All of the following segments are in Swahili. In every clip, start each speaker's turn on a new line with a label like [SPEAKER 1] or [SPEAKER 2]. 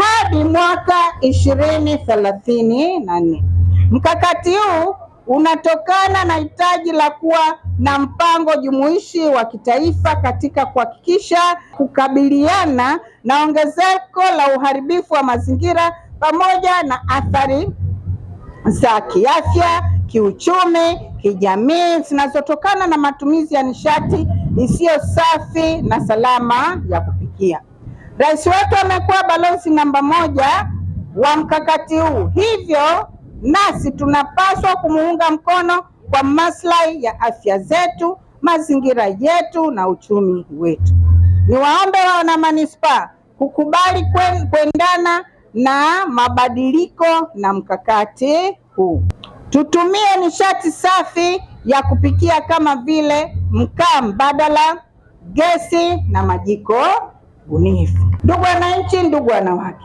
[SPEAKER 1] hadi mwaka ishirini Mkakati huu unatokana na hitaji la kuwa na mpango jumuishi wa kitaifa katika kuhakikisha kukabiliana na ongezeko la uharibifu wa mazingira pamoja na athari za kiafya, kiuchumi, kijamii zinazotokana na matumizi ya nishati isiyo safi na salama ya kupikia. Rais wetu amekuwa balozi namba moja wa mkakati huu, hivyo nasi tunapaswa kumuunga mkono kwa maslahi ya afya zetu, mazingira yetu na uchumi wetu. Niwaombe wana manispaa kukubali kuendana na mabadiliko na mkakati huu. Tutumie nishati safi ya kupikia kama vile mkaa mbadala, gesi na majiko bunifu. Ndugu wananchi, ndugu wanawake,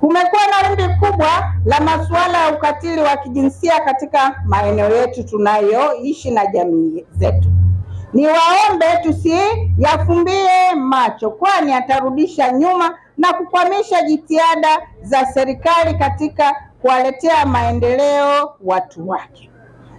[SPEAKER 1] kumekuwa na wimbi kubwa la masuala ya ukatili wa kijinsia katika maeneo yetu tunayoishi na jamii zetu. Niwaombe tusiyafumbie macho, kwani atarudisha nyuma na kukwamisha jitihada za serikali katika kuwaletea maendeleo watu wake.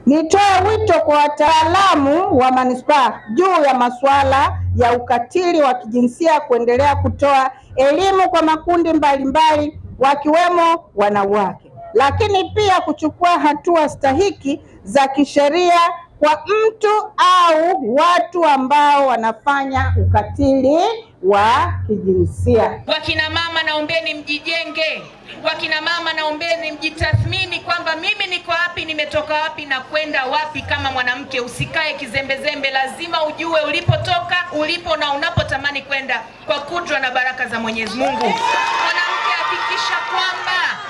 [SPEAKER 1] Nitoe wito kwa wataalamu wa manispaa juu ya masuala ya ukatili wa kijinsia kuendelea kutoa elimu kwa makundi mbalimbali wakiwemo wanawake, lakini pia kuchukua hatua stahiki za kisheria kwa mtu au watu ambao wanafanya ukatili wa kijinsia.
[SPEAKER 2] Wakina mama naombeni mjijenge, wakina mama naombeni mjitathmini kwamba mimi niko wapi, nimetoka wapi na kwenda wapi kama mwanamke. Usikae kizembezembe, lazima ujue ulipotoka, ulipo na unapotamani kwenda, kwa kudra na baraka za Mwenyezi Mungu. Mwanamke hakikisha kwamba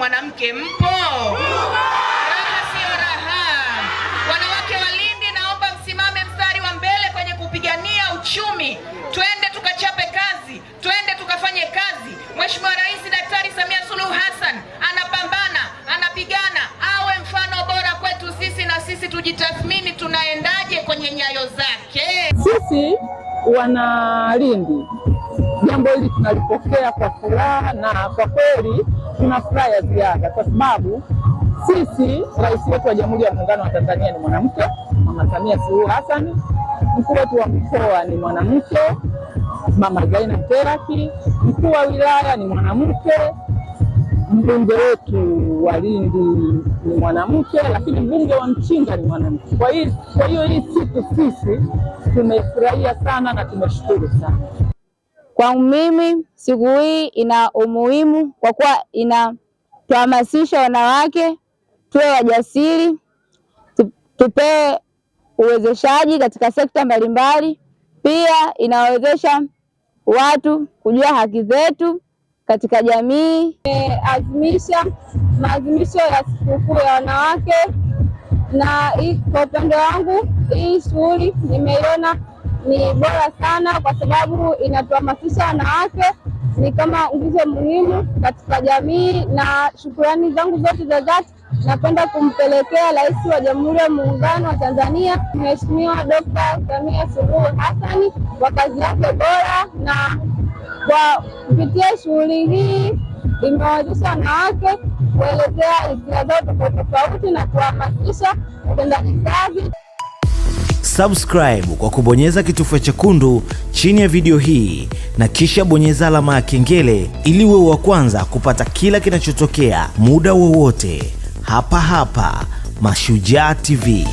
[SPEAKER 2] mwanamke mpo? Raha siyo raha. Wanawake wa Lindi, naomba msimame mstari wa mbele kwenye kupigania uchumi. Twende tukachape kazi, twende tukafanye kazi. Mheshimiwa Rais Daktari Samia Suluhu Hassan anapambana, anapigana, awe mfano bora kwetu sisi, na sisi tujitathmini, tunaendaje kwenye nyayo zake.
[SPEAKER 3] Sisi wana Lindi Jambo hili tunalipokea kwa furaha na kwa kweli tuna furaha ya ziada, kwa sababu sisi rais wetu wa Jamhuri ya Muungano wa Tanzania ni mwanamke, Mama Samia Suluhu Hassan. Mkuu wetu wa mkoa ni mwanamke, Mama Zainab Teraki. Mkuu wa wilaya ni mwanamke mbunge wetu wa Lindi ni mwanamke, lakini mbunge wa Mchinga ni mwanamke. Kwa hiyo hii siku sisi tumefurahia sana na tumeshukuru sana.
[SPEAKER 4] Kwangu mimi siku hii ina umuhimu kwa kuwa inatuhamasisha wanawake tuwe wajasiri, tupewe uwezeshaji katika sekta mbalimbali. Pia inawawezesha watu kujua haki zetu katika jamii.
[SPEAKER 5] Azimisha maadhimisho ya sikukuu ya wanawake, na kwa upande wangu hii shughuli nimeiona ni bora sana, kwa sababu inatuhamasisha wanawake, ni kama nguzo muhimu katika jamii. Na shukurani zangu zote za dhati napenda kumpelekea Rais wa Jamhuri ya Muungano wa Tanzania Mheshimiwa Dkt. Samia Suluhu Hassan kwa kazi yake bora, na kwa kupitia shughuli hii imewawezesha wanawake kuelezea hisia zao tofauti tofauti na kuhamasisha utendaji kazi subscribe kwa kubonyeza kitufe chekundu chini ya video hii na kisha bonyeza alama ya kengele ili uwe wa kwanza kupata kila kinachotokea muda wowote hapa hapa Mashujaa TV.